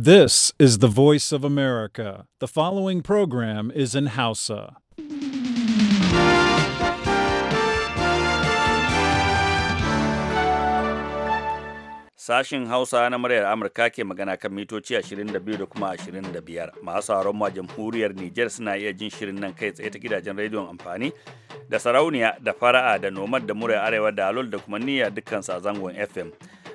This is the voice of America. The following program is in Hausa. Sashin Hausa na muryar Amurka ke magana kan mitoci 22 da kuma 25. Masu haron ma jamhuriyar Nijar suna iya jin shirin nan kai tsaye ta gidajen rediyon amfani da sarauniya da fara'a da nomad da muryar arewa da alol da kuma niyya dukkan sa zangon FM.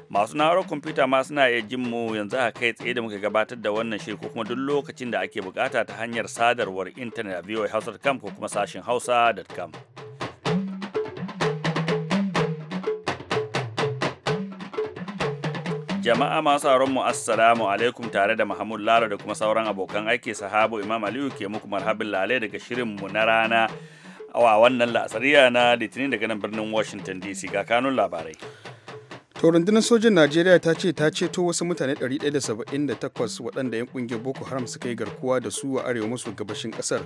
masu na'urar kwamfuta ma suna iya jin mu yanzu a kai tsaye da muka gabatar da wannan shiri ko kuma duk lokacin da ake bukata ta hanyar sadarwar intanet a voahouse.com ko kuma sashin hausa.com jama'a masu sauran mu assalamu alaikum tare da mahmud Lalo da kuma sauran abokan aiki sahabu Imam Aliyu ke muku marhabin lalai daga shirin mu na rana a wannan la'asariya na Litinin daga nan birnin Washington DC ga kanun labarai To rundunar sojin Najeriya ta ce ta ceto wasu mutane 178 waɗanda 'yan ƙungiyar Boko Haram suka yi garkuwa da su a arewa maso gabashin kasar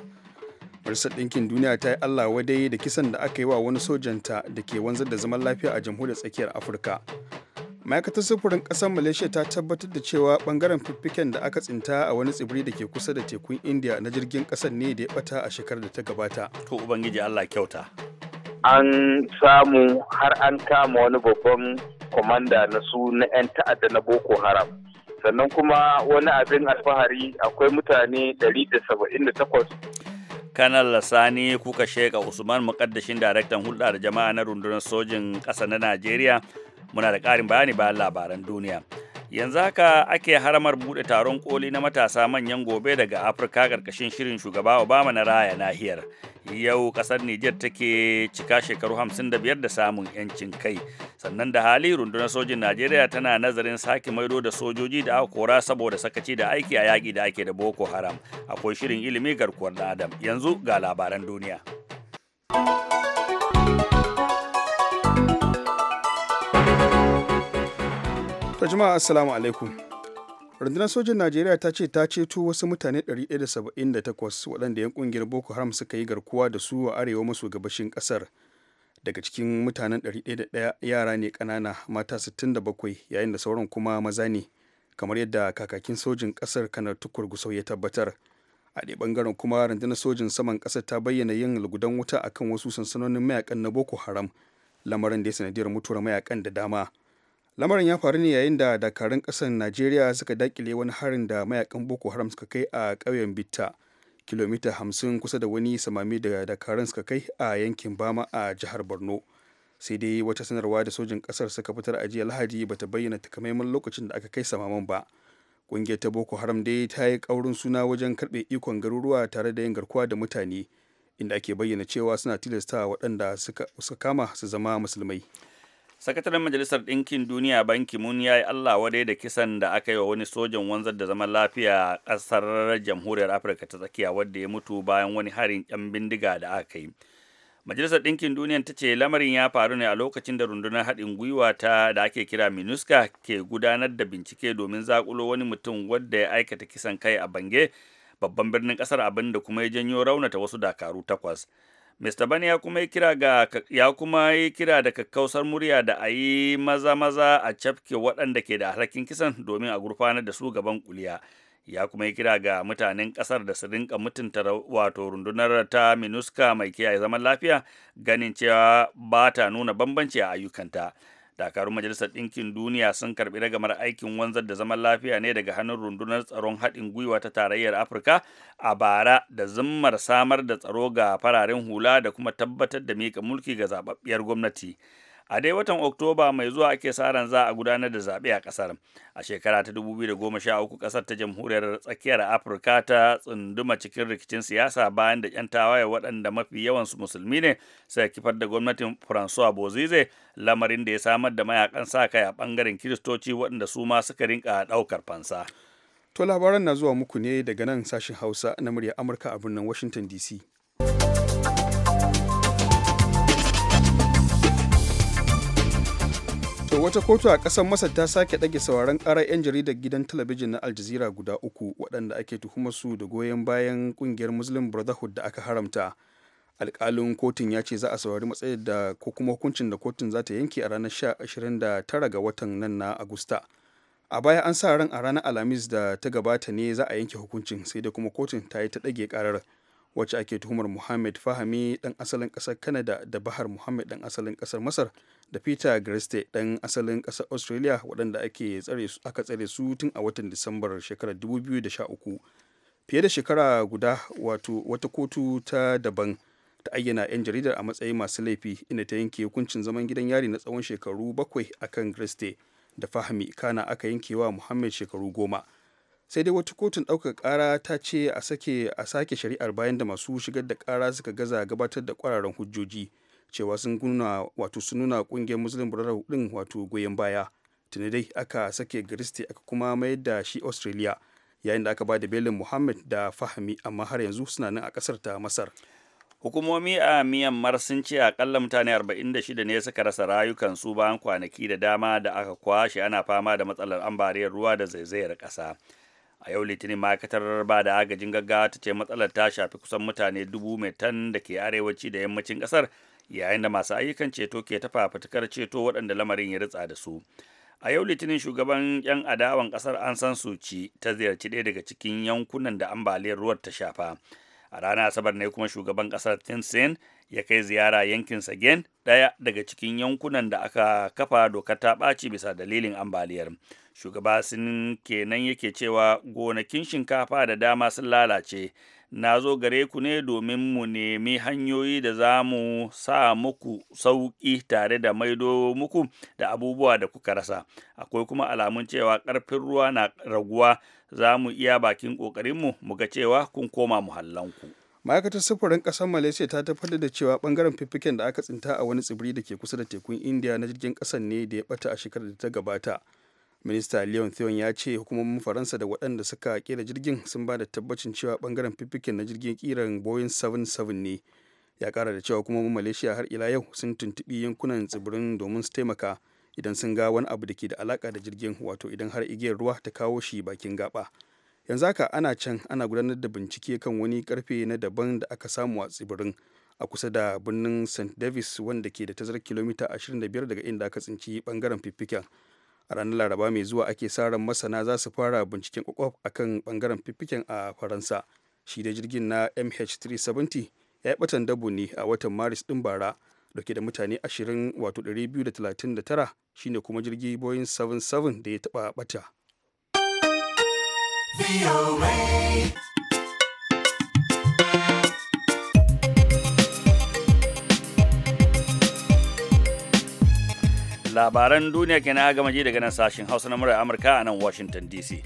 Majalisar Ɗinkin Duniya ta yi Allah wadai da kisan da aka yi wa wani sojanta da ke wanzar da zaman lafiya a jamhuriyar tsakiyar Afirka. Ma'aikatar sufurin ƙasar Malaysia ta tabbatar da cewa ɓangaren fiffiken da aka tsinta a wani tsibiri da ke kusa da tekun India na jirgin ƙasar ne da ya ɓata a shekarar da ta gabata. To Ubangiji Allah kyauta. an samu har an kama wani babban kwamanda na su na 'yan ta'adda na boko haram sannan kuma wani abin alfahari akwai mutane 178 kanar lasani kuka sheka usman mukaddashin daraktan hulɗa da jama'a na rundunar sojin ƙasa na najeriya muna da ƙarin bayani bayan labaran duniya yanzu haka ake haramar bude taron koli na matasa manyan gobe daga afirka karkashin shirin shugaba obama na raya nahiyar yau ƙasar nijar take cika shekaru 55 da samun 'yancin kai sannan da hali rundunar sojin najeriya tana nazarin sake maido da sojoji da aka kora saboda sakaci da aiki a yaƙi da ake da boko haram akwai shirin ilimi garkuwar adam yanzu ga labaran duniya ta jama'a assalamu alaikum. Rundunar sojin Najeriya ta ce ta ceto wasu mutane 178 waɗanda 'yan kungiyar Boko Haram suka yi garkuwa da su a arewa maso gabashin ƙasar. Daga cikin mutanen 101 yara ne ƙanana mata 67 yayin da sauran kuma maza ne kamar yadda kakakin sojin ƙasar kanar tukur gusau ya tabbatar. a ɗaya ɓangaren kuma rundunar sojin saman ƙasar ta bayyana yin lugudan wuta akan wasu sansanonin mayakan na boko haram lamarin da ya sanadiyar mutuwar mayakan da dama lamarin ya faru ne yayin da dakarun kasar najeriya suka dakile wani harin da mayakan boko haram suka kai a ƙauyen bitta kilomita hamsin kusa da wani samami da dakarun suka kai a yankin bama a jihar borno sai dai wata sanarwa da sojin ƙasar suka fitar a jiya lahadi ta bayyana takamaiman lokacin da aka kai samaman ba ƙungiyar ta boko haram dai ta yi ƙaurin suna wajen karɓe ikon garuruwa tare da yin garkuwa da mutane inda ake bayyana cewa suna tilasta waɗanda suka kama su zama musulmai sakataren majalisar ɗinkin duniya banki mun ya yi allah wadai da kisan da aka yi wa wani sojan wanzar da zaman lafiya a ƙasar jamhuriyar afirka ta tsakiya wadda ya mutu bayan wani harin ƴan bindiga da aka yi majalisar ɗinkin duniya ta ce lamarin ya faru ne a lokacin da rundunar haɗin gwiwa ta da ake kira minuska ke gudanar da bincike domin zakulo wani mutum wadda ya aikata kisan kai a bange babban birnin ƙasar abin da kuma ya janyo raunata wasu dakaru takwas Mr. Bani ya kuma yi kira ga ya kuma yi kira da kakkausar murya da a yi maza-maza a cafke waɗanda ke da alhakin kisan domin a gurfanar da su gaban kuliya. Ya kuma yi kira ga mutanen ƙasar da su rinka mutunta wato rundunar ta minuska mai kiyaye zaman lafiya ganin cewa ba ta nuna bambanci a ayyukanta. dakarun majalisar ɗinkin duniya sun karɓi ragamar aikin wanzar da zaman lafiya ne daga hannun rundunar tsaron haɗin gwiwa ta tarayyar afirka a bara da zimmar samar da tsaro ga fararen hula da kuma tabbatar da miƙa mulki ga zaɓaɓɓiyar gwamnati a dai watan oktoba mai zuwa ake sa ran za a gudanar da zaɓe a ƙasar a shekara ta 2013 ƙasar ta jamhuriyar tsakiyar afirka ta tsunduma cikin rikicin siyasa bayan da 'yan tawaye waɗanda mafi yawansu musulmi ne sai kifar da gwamnatin francois bozize lamarin da ya samar da mayakan sa kai a ɓangaren kiristoci waɗanda su ma suka rinka ɗaukar fansa to labaran na zuwa muku ne daga nan sashin hausa na murya amurka a birnin washington dc wata kotu a ƙasar Masar ta sake ɗage sauran karar 'yan jaridar gidan talabijin na Al guda uku waɗanda ake tuhumar su da goyon bayan ƙungiyar Muslim Brotherhood da aka haramta. alkalin kotun ya ce za a saurari matsayin da ko kuma hukuncin da kotun za ta yanke a ranar 29 ga watan nan na Agusta. A baya an sa ran a ranar Alhamis da ta gabata ne za a yanke hukuncin sai da kuma kotun ta yi ta ɗage karar wacce ake tuhumar Muhammad Fahami ɗan asalin ƙasar kanada da Bahar Muhammad dan asalin ƙasar Masar da peter greste dan asalin ƙasar australia waɗanda aka tsare su tun a watan disambar shekarar 2013 fiye da shekara guda wato wata kotu ta daban ta ayyana 'yan jaridar a matsayin masu laifi inda ta yanke hukuncin zaman gidan yari na tsawon shekaru bakwai akan griste da fahmi kana aka yanke wa muhammad shekaru goma sai dai wata kotun ɗaukar ƙara ta ce a sake a sake shari'ar bayan da masu shigar da ƙara suka gaza gabatar da ƙwararren hujjoji cewa sun nuna wato sun nuna kungiyar muslim brotherhood din wato goyon baya tuni dai aka sake gristi aka kuma mayar da shi australia yayin da aka ba da belin muhammad da fahmi amma har yanzu suna nan a kasar ta masar hukumomi a myanmar sun ce akalla mutane 46 ne suka rasa rayukan rayukansu bayan kwanaki da dama da aka kwashe ana fama da matsalar ambariyar ruwa da zaizayar kasa a yau litinin ma'aikatar ba da agajin gaggawa ta ce matsalar ta shafi kusan mutane dubu tan da ke arewaci da yammacin kasar. yayin da masu ayyukan ceto ke ta fitakar ceto waɗanda lamarin ya ritsa da su a yau litinin shugaban 'yan adawan ƙasar an san suci ta ziyarci ɗaya daga cikin yankunan da ambaliyar ruwan ta shafa a ranar asabar ne kuma shugaban ƙasar tinsin ya kai ziyara yankin sagen ɗaya daga cikin yankunan da aka kafa dokar ta ɓaci bisa dalilin ambaliyar shugaba sun kenan yake cewa gonakin shinkafa da dama sun lalace na zo gare ku ne domin mu nemi hanyoyi da za mu sa muku sauƙi tare da maido muku da abubuwa da kuka rasa akwai kuma alamun cewa ƙarfin ruwa na raguwa za mu iya bakin ƙoƙarinmu mu ga cewa kun koma muhallanku ma'aikatar sufurin ƙasar malaysia ta tabbatar da cewa ɓangaren fiffiken da aka tsinta a wani tsibiri da ke kusa da tekun india na jirgin ƙasar ne da ya ɓata a shekarar da ta gabata minista leon theon ya ce hukumomin faransa da waɗanda suka kera jirgin sun ba da tabbacin cewa bangaren fifikin na jirgin kiran boeing 77 ne ya kara da cewa hukumomin malaysia har ila yau sun tuntubi yankunan tsibirin domin su taimaka idan sun ga wani abu da ke da alaka da jirgin wato idan har igiyar ruwa ta kawo shi bakin gaba yanzu haka ana can ana gudanar da bincike kan wani karfe na daban da aka samu a tsibirin a kusa da birnin st davis wanda ke da tazarar kilomita 25 daga inda aka tsinci bangaren fiffiken a ranar laraba mai zuwa ake sa ran masana za su fara binciken kwakwaf a kan bangaren fiffiken a faransa shi da jirgin na mh370 ya yi batan dabu ne a watan maris din bara dauke da mutane 20 wato 239 shine kuma jirgi boeing 77 da ya taba bata. labaran duniya ke na gama ji daga nan sashen hausa na murar amurka a nan washington dc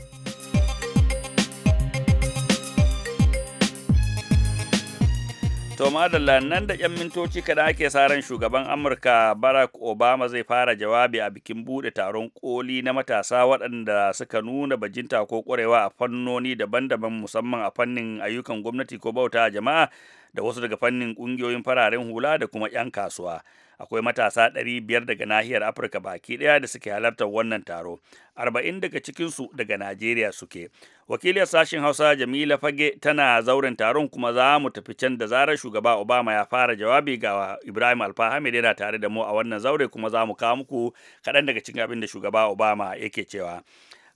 to madalla nan da 'yan mintoci kada ake sa ran shugaban amurka barack obama zai fara jawabi a bikin bude taron koli na matasa waɗanda suka nuna bajinta ko ƙwarewa a fannoni daban-daban musamman a fannin ayyukan gwamnati ko bauta jama'a da wasu daga fannin ƙungiyoyin fararen hula da kuma 'yan kasuwa akwai matasa ɗari biyar daga nahiyar afirka baki ɗaya da suke halartar wannan taro Arba'in daga cikinsu daga najeriya suke wakiliyar sashen hausa jamila fage tana zauren taron kuma za mu tafi can da zarar shugaba obama ya fara jawabi ga ibrahim alfahamid yana tare da mu a wannan zaure kuma za mu kawo muku kaɗan daga cikin abin da shugaba obama yake cewa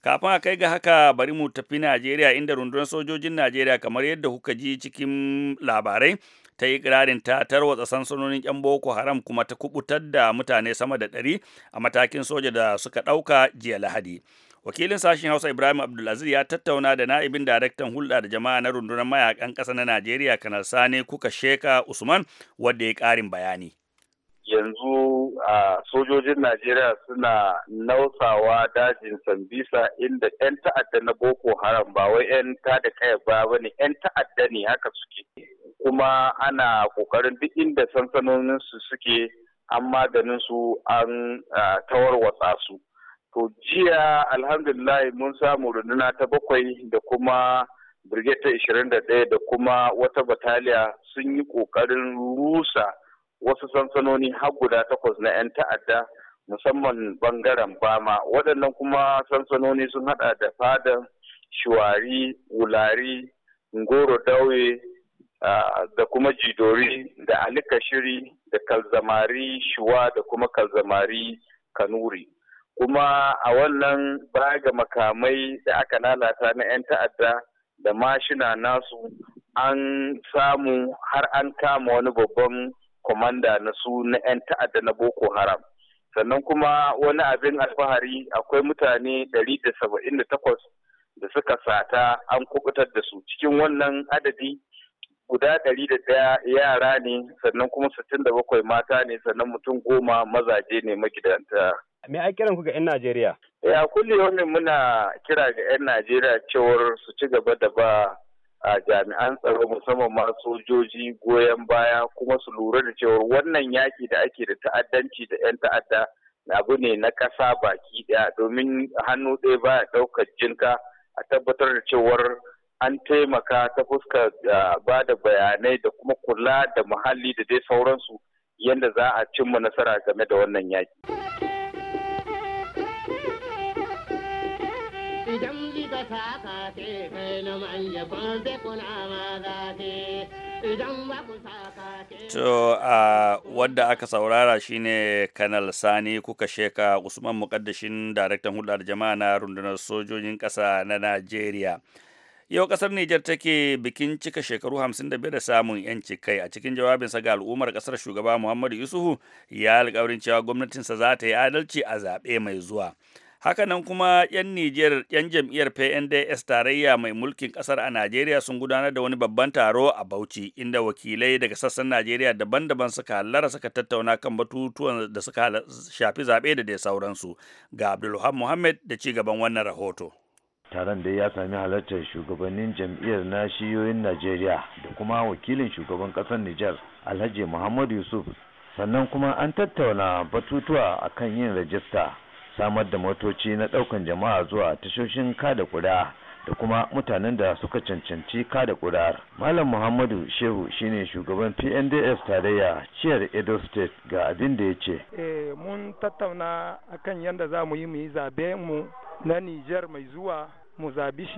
kafin a kai ga haka bari mu tafi najeriya inda rundunar sojojin najeriya kamar yadda kuka ji cikin labarai ta yi ƙirarin ta tarwatsa sansanonin 'yan boko haram kuma ta kubutar da mutane sama da ɗari a matakin soja da suka ɗauka jiya lahadi wakilin sashen hausa ibrahim abdulaziz ya tattauna da na'ibin daraktan hulɗa da jama'a na rundunar mayakan ƙasa na najeriya kanar sani kuka sheka usman wadda ya ƙarin bayani yanzu a sojojin najeriya suna nausawa dajin sambisa inda 'yan ta'adda na boko haram ba wai 'yan ta da kaya ba ne 'yan ta'adda ne haka suke kuma ana kokarin duk inda sansanonin su suke an maganin su an tawarwatsa su to jiya alhamdulillah mun samu runduna ta bakwai da kuma birgeta 21 da kuma wata bataliya sun yi kokarin rusa wasu sansanoni har guda takwas na 'yan ta'adda musamman bangaren bama waɗannan kuma sansanoni sun hada da fadan shuwari wulari ngoro dauye Ah, da kuma jidori da shiri da kalzamari shuwa da kuma kalzamari kanuri kuma a wannan baya ga makamai da aka lalata na 'yan ta'adda da mashina nasu an samu har an kama wani babban kwamanda na su na 'yan ta'adda na boko haram sannan kuma wani abin alfahari akwai mutane 178 da suka sata an kubutar da su cikin wannan adadi guda ɗari da ɗaya yara ne sannan kuma sittin da bakwai mata ne sannan mutum goma mazaje ne magidanta. Me a kiran ku ga 'yan Najeriya? Ya eh, kulle wani muna kira ga 'yan Najeriya cewar su ci gaba da ba a jami'an tsaro musamman ma sojoji goyon baya kuma su lura da cewar wannan yaki da ake da ta'addanci da 'yan ta'adda abu ne na ƙasa baki ɗaya domin hannu ɗaya baya ɗaukar jinka a tabbatar da cewar an taimaka ta fuskar ba da bayanai da kuma kula da muhalli da dai sauransu yadda za a cimma nasara game da wannan yaki. Idan To a wadda aka saurara shine Kanal Sani kuka sheka Usman Mukaddashin Daraktan Hulɗar Jama'a na rundunar sojojin ƙasa na Najeriya. yau kasar Nijar take bikin cika shekaru 55 da samun yanci kai a cikin jawabinsa ga al'ummar kasar shugaba Muhammadu Yusufu ya alƙawarin cewa gwamnatinsa za ta yi adalci a zaɓe mai zuwa. Haka nan kuma 'yan Nijar 'yan jam'iyyar PNDS tarayya mai mulkin kasar a Najeriya sun gudanar da wani babban taro a Bauchi inda wakilai daga sassan Najeriya daban-daban suka hallara suka tattauna kan batutuwan da suka shafi zaɓe da dai sauransu. Ga Abdulhamid Muhammad da ci gaban wannan rahoto. taron da ya sami halartar shugabannin jam'iyyar nashiyoyin najeriya da kuma wakilin shugaban kasar nijar alhaji muhammadu yusuf sannan kuma an tattauna batutuwa akan yin rajista samar da motoci na daukan jama'a zuwa tashoshin kada kuda da kuma mutanen da suka cancanci kada kudar. malam muhammadu shehu shine shugaban pndf tarayya ciyar edo state ga abin da ya ce eh, mun tattauna akan yadda za mu yi mu yi zabe mu na Nijar mai zuwa mu zabi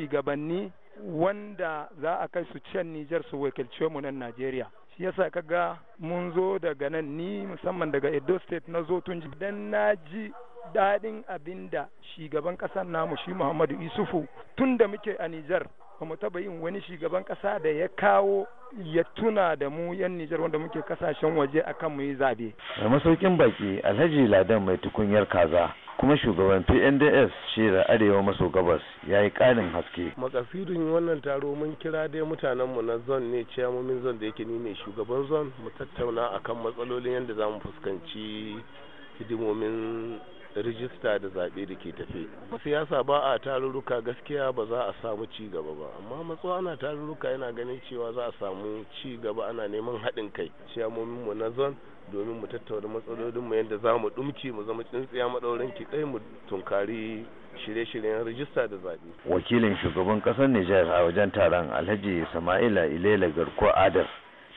wanda za a kai su can Nijar su wakilce mu nan Najeriya. Shi yasa ka ga mun zo daga nan ni musamman daga Edo State na zo tun dan na ji daɗin abin da shugaban ƙasar namu shi Muhammadu Isufu tun da muke a Nijar ba mu taba yin wani shugaban kasa da ya kawo ya tuna da mu yan Nijar wanda muke kasashen waje akan mu yi zabe. da masaukin baki Alhaji Ladan mai tukunyar kaza kuma shugaban PNDS shira arewa maso gabas ya yi ƙarin haske. Makasudin wannan taro mun kira dai mutanenmu na zon ne ciyamomin zon da yake ni shugaban zon mu tattauna akan matsalolin yadda za mu fuskanci hidimomin rijista da zaɓe da ke tafe siyasa ba a tarurruka gaskiya ba za a samu ci gaba ba amma matsuwa ana tarurruka yana ganin cewa za a samu ci gaba ana neman haɗin kai ciyamomin mu na zon domin mu tattauna matsalolin mu yadda za mu ɗumki mu zama tsintsiya maɗaurin ki mu tunkari shirye-shiryen rijista da zaɓe wakilin shugaban ƙasar Nijar a wajen taron Alhaji Sama'ila Ilela Garko Adar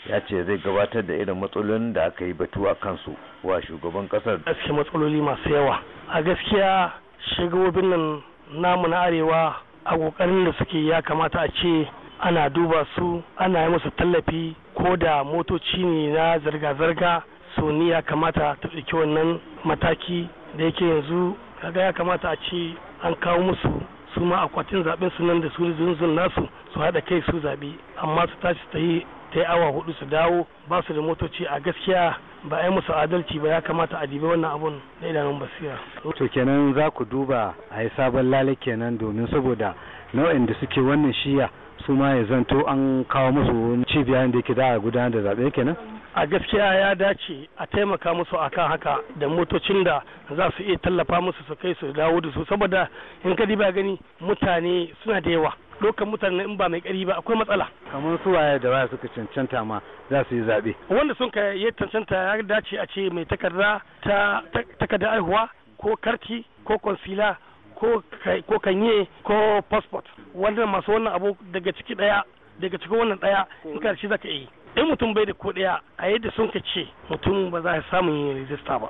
ya ce zai gabatar da irin matsalolin da aka yi batu a kansu wa shugaban kasar gaske matsaloli masu yawa a gaskiya shugabobin nan namu na arewa a kokarin da suke ya kamata a ce ana duba su ana yi musu tallafi ko da motoci ne na zarga-zarga su ni ya kamata ta ɗauki wannan mataki da yake yanzu kaga ya kamata a ce an kawo musu su ma akwatin zaɓen su nan da su zunzun nasu su haɗa kai su zaɓe amma su tashi ta yi ta yi awa hudu su dawo ba su da motoci a gaskiya ba a yi musu adalci ba ya kamata a dibe wannan abun na idanun basira. to kenan za ku duba a yi sabon lalai kenan domin saboda nau'in da suke wannan shiya su ma ya zanto an kawo musu cibiya da yake da gudanar da zaɓe kenan. a gaskiya ya dace a taimaka musu kan haka da motocin da za su iya tallafa musu su kai su dawo da su saboda in ka diba gani mutane suna da yawa dokan mutane in ba mai ƙari ba akwai matsala. kamar su waye da waya suka cancanta ma za su yi zaɓe. wanda sun ka ya cancanta ya dace a ce mai takarda ta takarda aihuwa ko karti ko konsila ko kanye ko passport wannan masu wannan abu daga ciki daya daga cikin wannan ɗaya in ka shi zaka yi. in mutum bai da kuɗiya a yadda sun ka ce mutum ba za a samu yin rijista ba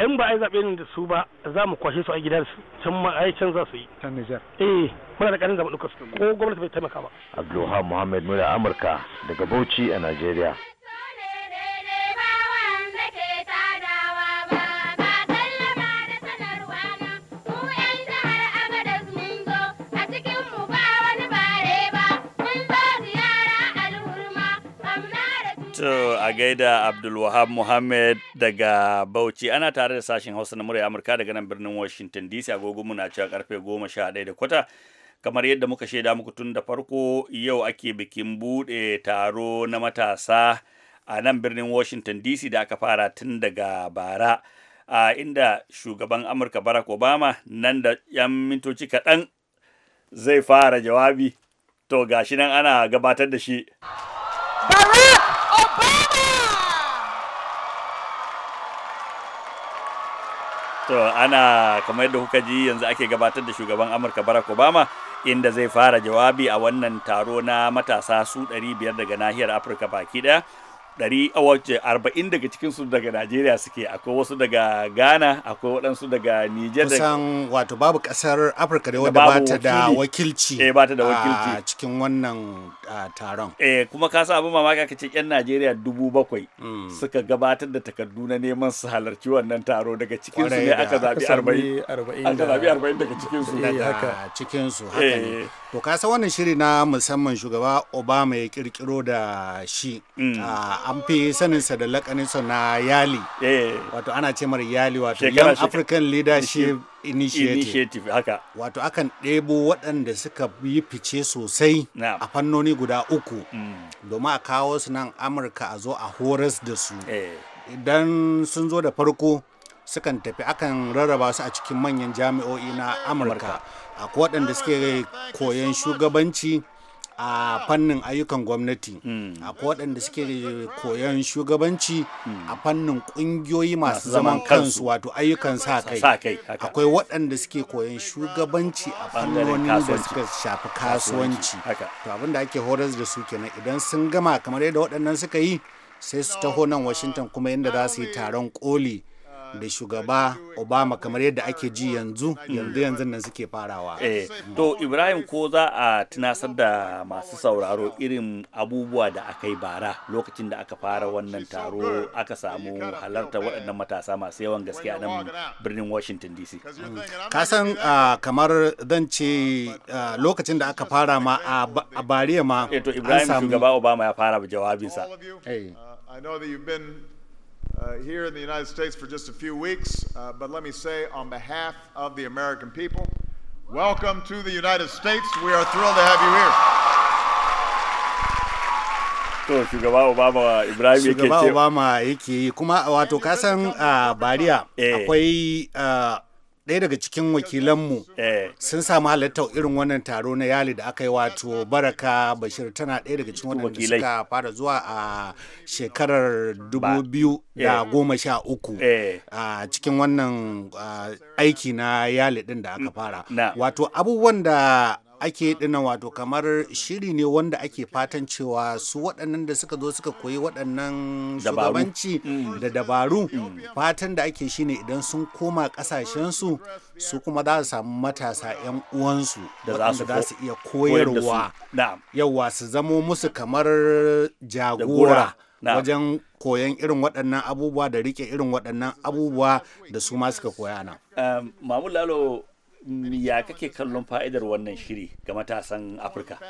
in ba a yi zaɓe da su ba za mu kwashe su a gidan su can ma a can za su yi can Nijar eh muna da ƙarin zaɓe su ko gwamnati bai taimaka ba Abdulhamid muhammed muna Amurka daga Bauchi a Najeriya To a gaida Abdulwahab Muhammad daga Bauchi ana tare da sashen Hausa na murya Amurka daga nan birnin Washington DC mu na cewa karfe goma da kwata. Kamar yadda muka shaida muku tun da farko yau ake bikin bude taro na matasa a nan birnin Washington DC da aka fara tun daga bara. A inda shugaban Amurka Barack Obama nan da 'yan mintoci kaɗan zai fara jawabi. To gashi nan ana gabatar da shi. To ana kamar yadda kuka ji yanzu ake gabatar da shugaban Amurka Barack Obama inda zai fara jawabi a wannan taro na matasa su 500 daga nahiyar Afirka baki daya ɗari wace arba'in daga cikinsu daga najeriya suke akwai wasu daga ghana akwai waɗansu daga niger kusan wato babu ƙasar afirka da wadda ba ta da wakilci eh ba ta da wakilci a cikin wannan taron eh kuma ka sa abin mamaki kace ƴan najeriya dubu bakwai hmm. suka gabatar da takardu na neman su halarci wannan taro daga cikinsu ne aka zabi arba'in aka zabi 40 daga cikinsu eh, daga cikinsu haka ne eh. to ka san wannan shiri na musamman shugaba obama ya kirkiro da shi hmm. an fi saninsa da lakaninsa na yali eh. wato ana ce mara yali wato young african leadership initiative wato akan ɗebo waɗanda suka yi fice sosai a fannoni guda uku mm. domin a kawo su nan amurka a zo a horas da su eh. idan sun zo da farko sukan tafi akan rarraba su a cikin manyan jami'o'i na amurka akwai waɗanda suke koyon shugabanci a fannin ayyukan gwamnati hmm. akwai waɗanda suke koyon shugabanci a hmm. fannin ƙungiyoyi masu zaman kansu wato ayyukan sa kai akwai waɗanda suke koyon shugabanci a fannoni da suka shafi kasuwanci to abin da ake horas da su kenan idan sun gama kamar yadda waɗannan suka yi sai su taho nan washington kuma inda za su yi taron koli da shugaba obama kamar yadda ake ji yanzu yanzu yanzu nan suke farawa eh to ibrahim ko za a tunasar da masu sauraro irin abubuwa da aka yi bara lokacin da aka fara wannan taro aka samu halarta waɗannan matasa masu yawan gaske a nan birnin washington dc ka san ah, kamar zan ce ah, lokacin da aka fara ma a bariya ma eh to ibrahim shugaba obama ya fara jawabinsa I know that you've been uh, here in the United States for just a few weeks, uh, but let me say on behalf of the American people, welcome to the United States. We are thrilled to have you here. shugaba Obama Ibrahim Shugaba Obama yake kuma wato kasan uh, bariya eh. akwai uh, ɗaya daga cikin wakilanmu eh. sun samu halartar irin wannan taro na yali da aka yi wato baraka bashir tana ɗaya daga cikin da suka fara zuwa a shekarar 2013 eh. eh. a cikin wannan aiki na yali ɗin da aka mm. fara wato abubuwan da ake dina wato kamar shiri ne wanda ake fatan cewa su waɗannan da suka zo suka koyi waɗannan shugabanci hmm. da dabaru fatan da ake shine idan sun koma ƙasashensu su kuma za su samu matasa 'yan uwansu da za su iya koyarwa yawa su zamo musu kamar jagora wajen koyan irin waɗannan abubuwa da rike irin waɗannan abubuwa da su ma suka koya nan. Mamu Lalo ya kake kallon fa'idar wannan shiri ga matasan afirka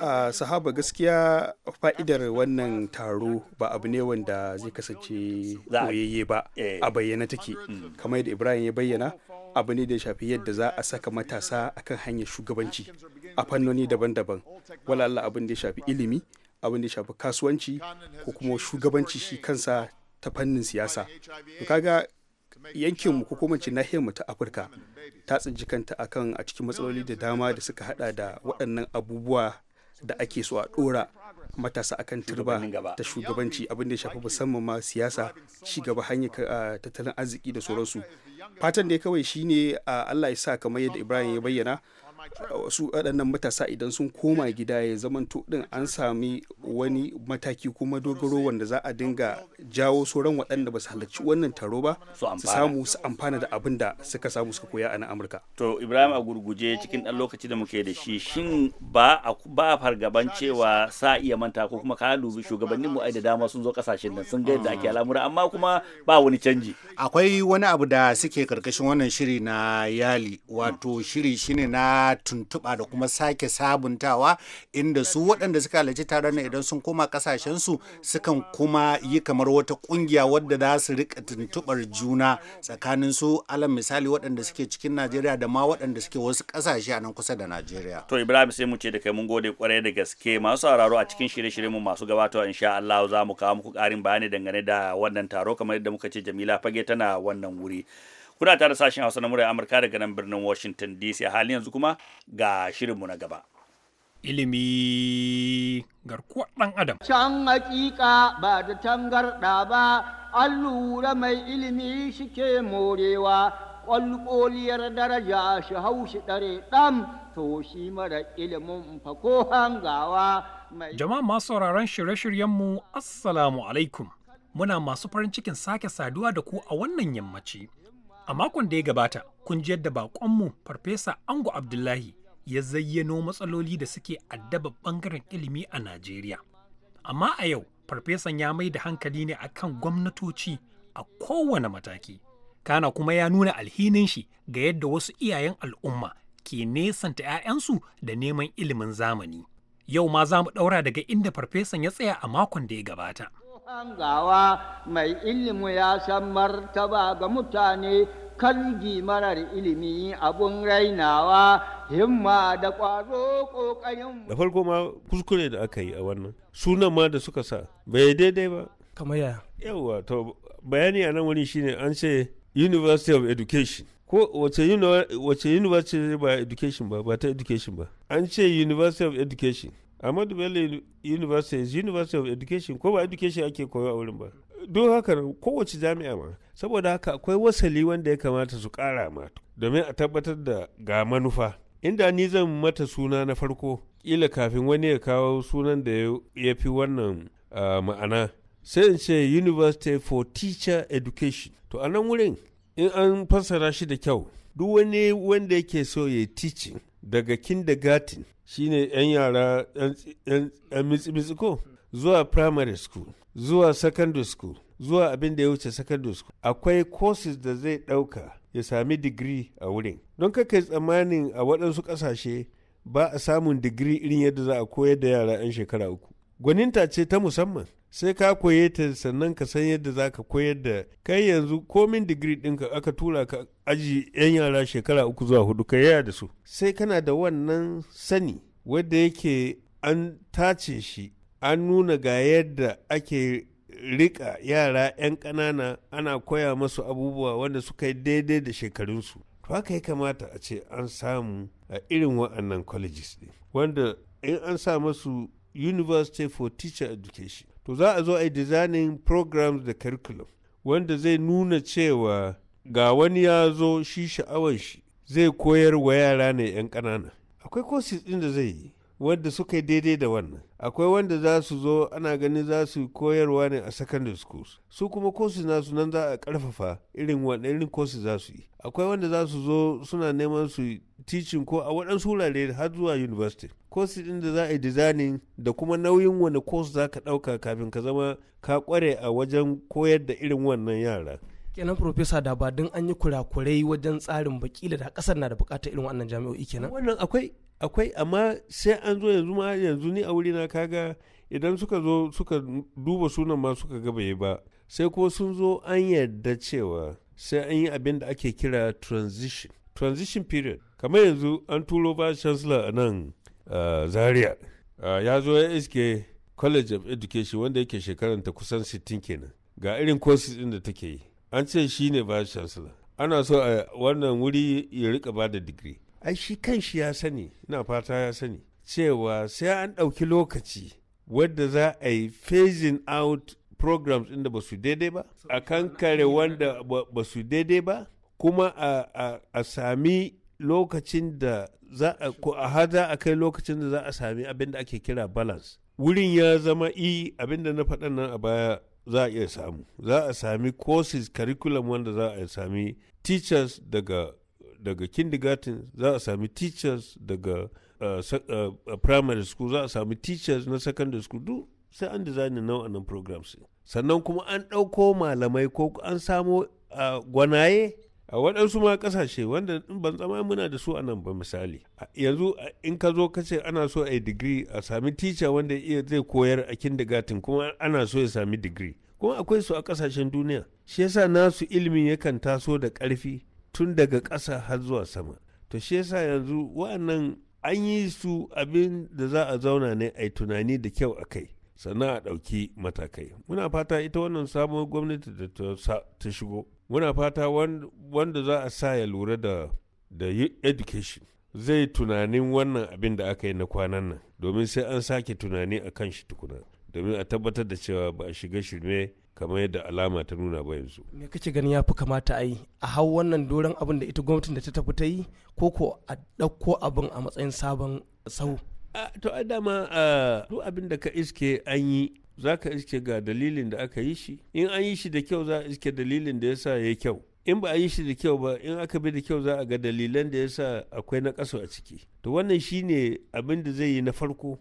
uh, sahaba gaskiya fa'idar wannan taro ba abu ne wanda zai kasance koyayye ba eh. a bayyana take mm. kamar yadda ibrahim ya bayyana abu ne da shafi yadda za a saka matasa akan hanyar shugabanci a fannoni daban-daban wala abin da ya shafi ilimi abin da shafi kasuwanci ko kuma shugabanci shi kansa ta fannin siyasa kaga mu ko kuma nahiyarmu ta afirka ta tsinci kanta akan a cikin matsaloli da dama da suka hada da waɗannan abubuwa da ake so a dora matasa akan turba ta shugabanci abin da ya shafi musamman ma siyasa ci gaba hanyar ah, tattalin arziki da sauransu fatan da ya kawai shine ah, Allah ya sa kamar yadda Ibrahim ya bayyana wasu waɗannan matasa idan sun koma gida ya zamanto ɗin an sami wani mataki kuma dogaro wanda za a dinga jawo sauran waɗanda ba su halarci wannan taro ba su samu su amfana da abin da suka samu suka koya a nan amurka to ibrahim a gurguje cikin ɗan lokaci da muke da shi shin ba a fargaban cewa sa iya manta ko kuma ka dubi shugabannin mu ai da dama sun zo kasashen nan sun ga yadda ake al'amura amma kuma ba wani canji akwai wani abu da suke karkashin wannan shiri na yali wato shiri shine na tuntuɓa da kuma sake sabuntawa inda su waɗanda suka halarci taron nan idan sun koma ƙasashensu sukan kuma yi kamar wata kungiya wadda za su rika tuntuɓar juna tsakanin su alal misali waɗanda suke cikin Najeriya da ma waɗanda suke wasu kasashe a nan kusa da Najeriya. To Ibrahim sai mu ce da kai mun gode kwarai da gaske masu sauraro a cikin shirye-shiryen mu masu gabatawa insha Allah za mu kawo muku ƙarin bayani dangane da wannan taro kamar yadda muka ce Jamila Fage tana wannan wuri. kuna tare sashen hausa na murya amurka daga nan birnin washington dc a halin yanzu kuma ga shirinmu na gaba ilimi garkuwar ɗan adam can hakika ba da tangarɗa ba allura mai ilimi shike morewa kwalkoliyar daraja shi haushi ɗare ɗan to shi mara ilimin fako hangawa jama'a masu sauraron shirye-shiryenmu assalamu alaikum muna masu farin cikin sake saduwa da ku a wannan yammaci A makon da ya gabata, kun ji yadda baƙonmu Farfesa Ango Abdullahi ya zayyano matsaloli da suke addaba ɓangaren ilimi a Najeriya. Amma a yau, Farfesan ya mai da hankali ne a kan gwamnatoci a kowane mataki. Kana kuma ya nuna alhinin shi ga yadda wasu iyayen al'umma ke nesanta 'ya'yansu da neman ilimin zamani. Yau ma za mu ɗaura daga inda farfesan ya tsaya a makon da ya gabata. hangawa mai ilimi ya san martaba ga mutane kalgi marar ilimi abun rainawa himma da ƙwaro ƙoƙarin da farko ma kuskure da aka yi a wannan sunan ma da suka sa bai daidai ba kamar yaya yawa to bayani a nan wani shine an ce university of education ko wace university ba education ba ba ta education ba an ce university of education Ahmadu Bello University is University of Education ko ba education ake koyo a wurin ba. Don haka kowace jami'a ma saboda haka akwai wasali wanda ya kamata su kara ma domin a tabbatar da ga manufa. Inda ni zan mata suna na farko kila kafin wani ya kawo sunan da ya fi wannan ma'ana sai in ce University for Teacher Education. To a nan wurin in an fassara shi da kyau duk wani wanda yake so ya teaching daga kindergarten shine 'yan yara 'yan mitsi ko zuwa primary school zuwa secondary school zuwa abin da ya wuce secondary school akwai courses da zai dauka ya sami digiri a wurin don kakai tsammanin a waɗansu ƙasashe ba a samun digiri irin yadda za a koyar da yara 'yan shekara uku gwaninta ce ta musamman sai ka koye ta sannan ka san yadda za ka koyar da kai yanzu komin digiri ɗinka aka tura ka aji 'yan yara shekara uku zuwa hudu ka yaya da su sai kana da wannan sani wadda yake an tace shi an nuna ga yadda ake rika yara 'yan ƙanana ana koya masu abubuwa wanda suka yi daidai da shekarunsu to haka ya kamata a ce an samu a irin wa'annan colleges ɗin wanda in an sa masu university for teacher education to za a zo a designing programs da curriculum wanda zai nuna cewa ga wani ya zo shi sha'awar shi zai koyar wa yara ne 'yan kanana akwai courses ɗin da zai yi wanda suka yi daidai da wannan akwai wanda za su zo ana ganin za su koyarwa ne a secondary schools su kuma courses nasu nan za a ƙarfafa irin wanda irin courses za su yi akwai wanda za su zo suna neman su teaching ko a waɗansu wurare har zuwa university course din da za a yi designing da kuma nauyin wani course za ka ɗauka kafin ka zama ka ƙware a wajen koyar da irin wannan yara kenan profesa da ba don an yi kurakurai wajen tsarin bakila da ƙasar na da bukatar irin wannan jami'o'i kenan wannan akwai akwai amma sai an zo yanzu ma yanzu ni a wuri na kaga idan suka zo suka duba sunan ma suka ga bai ba sai ko sun zo an yarda cewa sai an yi abin da ake kira transition transition period kamar yanzu an turo ba chancellor a nan zaria ya zo ya iske college of education wanda yake shekarar ta kusan 60 kenan ga irin courses din da take yi an ce shi ne ba chancellor ana so a wannan wuri ya rika ba da digiri ai shi kan shi ya sani ina fata ya sani cewa sai an ɗauki lokaci wadda za a yi phasing out programs inda ba su daidai ba a kankare wanda ba su daidai ba kuma a sami lokacin da za a ko a hada a kai lokacin da za a sami abin da ake kira balance wurin ya zama i abin da na faɗa nan a baya za a iya samu za a sami courses curriculum wanda za a sami teachers daga daga kindergarten za a sami teachers daga uh, uh, primary school za a sami teachers na secondary school duk sai an design nan programs sannan kuma an ɗauko malamai ko an samo uh, gwanaye a waɗansu ma ƙasashe wanda ban zama muna da su a nan ba misali yanzu in ka zo ka ce ana so a yi digiri a sami tica wanda iya zai koyar a gatin kuma ana so ya sami digiri kuma akwai su a ƙasashen duniya shi yasa nasu ilimin yakan taso da ƙarfi tun daga ƙasa har zuwa sama to shi yasa yanzu wa'annan an yi su abin da za a zauna ne a yi tunani da kyau a kai sannan a ɗauki matakai muna fata ita wannan sabuwar gwamnati da ta shigo muna fata wanda za a sa ya lura da da education zai tunanin wannan abin da aka yi na kwanan nan domin sai an sake tunani a kan shi tukuna domin a tabbatar da cewa ba a shiga shirme kamar yadda alama ta nuna ba yanzu. Me kake gani ya fi kamata a yi a hau wannan doron abin da ita gwamnatin da ta tafi ta yi ko ko a ɗauko abin a matsayin sabon sau. to a dama duk abin da ka iske an yi za ka iske ga dalilin da aka yi shi in an yi shi da kyau za a iske dalilin da ya sa ya kyau in ba a yi shi da kyau ba in aka bi da kyau za a ga dalilan da ya sa akwai na kaso a ciki to wannan shine abin da zai yi na farko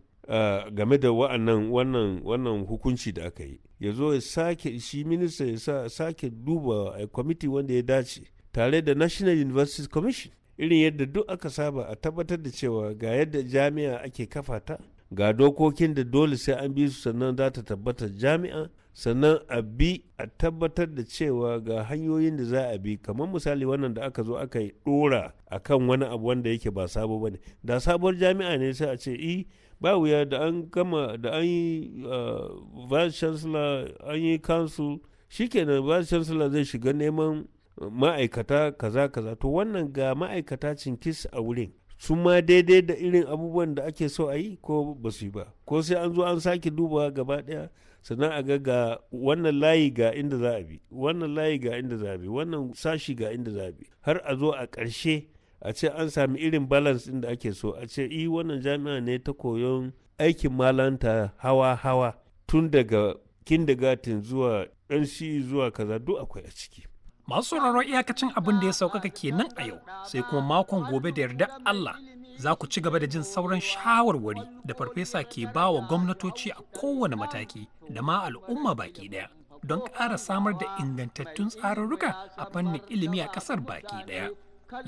game da wa'annan wannan wannan hukunci da aka yi ya zo ya sake shi minista ya sa sake duba eh, kwamiti wanda ya dace tare da national university commission irin yadda duk aka saba a tabbatar da cewa ga yadda jami'a ake kafa ta ga dokokin da dole sai an bi su sannan za ta tabbata jami'a sannan a bi a tabbatar da cewa ga hanyoyin da za a bi kamar misali wannan da aka zo aka yi dora a kan wani abu wanda yake ba sabo ba ne da sabuwar jami'a ne sai a ce i eh, ba wuya da an gama da an yi eh, vice chancellor an yi council shikenan vice chancellor zai shiga neman ma'aikata kaza kaza to wannan ga ma'aikata cinkis a wurin su ma daidai da irin abubuwan da ake so a yi ko ba su yi ba ko sai an zo an sake duba gaba daya sannan a ga ga wannan layi ga inda za a bi wannan layi ga inda za a bi wannan sashi ga inda za a bi har a zo a ƙarshe a ce an sami irin balance din da ake so a ce i eh, wannan jami'a ne ta koyon aikin malanta hawa hawa tun daga kindergarten zuwa nc e zuwa kaza duk akwai a ciki Masu sauraro iyakacin abin da ya saukaka kenan a yau, sai kuma makon gobe da yarda Allah za ku ci gaba da jin sauran shawarwari da farfesa ke ba wa gwamnatoci a kowane mataki da ma al'umma baki ɗaya don ƙara samar da ingantattun tsarurruka a fannin ilimi a ƙasar baki ɗaya.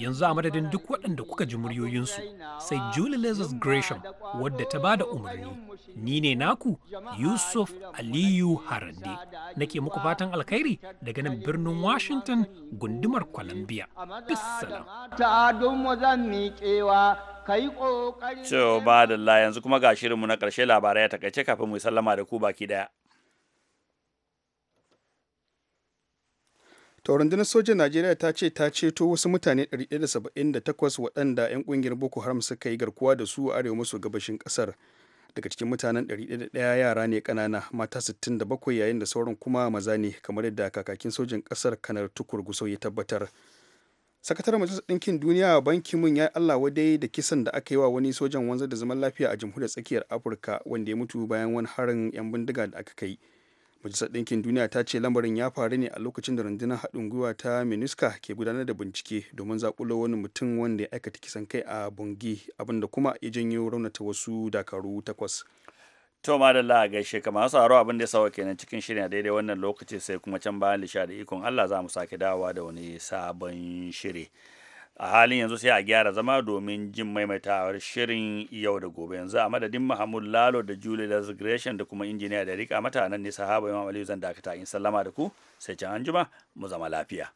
yanzu a madadin duk waɗanda kuka ji muryoyinsu sai Julie Lazarus Gresham wadda ta bada umarni. Ni ne naku Yusuf Aliyu Harande nake muku fatan alkhairi daga nan birnin Washington gundumar Columbia. Bissalam. ba da yanzu kuma ga shirinmu na ƙarshe labarai ta kaice kafin mu sallama da ku baki daya. to rundunar sojan najeriya ta ce ta ceto wasu mutane 178 waɗanda 'yan ƙungiyar boko haram suka yi garkuwa da su a arewa maso gabashin ƙasar daga cikin mutanen 101 yara ne kanana mata 67 yayin da sauran kuma maza ne kamar yadda kakakin sojin ƙasar kanar tukur gusau ya tabbatar sakataren majalisar ɗinkin duniya banki mun ya yi allah wadai da kisan da aka yi wa wani sojan wanzar da zaman lafiya a jamhuriyar tsakiyar afirka wanda ya mutu bayan wani harin yan bindiga da aka kai majalisar ɗinkin duniya ta ce lamarin ya faru ne a lokacin da rundunar haɗin gwiwa ta minuska ke gudanar da bincike domin zakulo wani mutum wanda ya aikata kisan kai a bungi abinda kuma ya janyo raunata wasu dakaru takwas to madalla a gaishe kamar masu haro abin da sawa kenan cikin shirin a daidai wannan lokaci sai kuma can bayan lishadi ikon allah za mu sake dawowa da wani sabon shiri a halin yanzu sai a gyara zama domin jin maimaitawar shirin yau da gobe yanzu a madadin Muhammad Lalo da Julie da Gresham da kuma injiniya da rika mata nan ne sahaba Imam Aliyu zan dakata in sallama da ku sai can anjima mu zama lafiya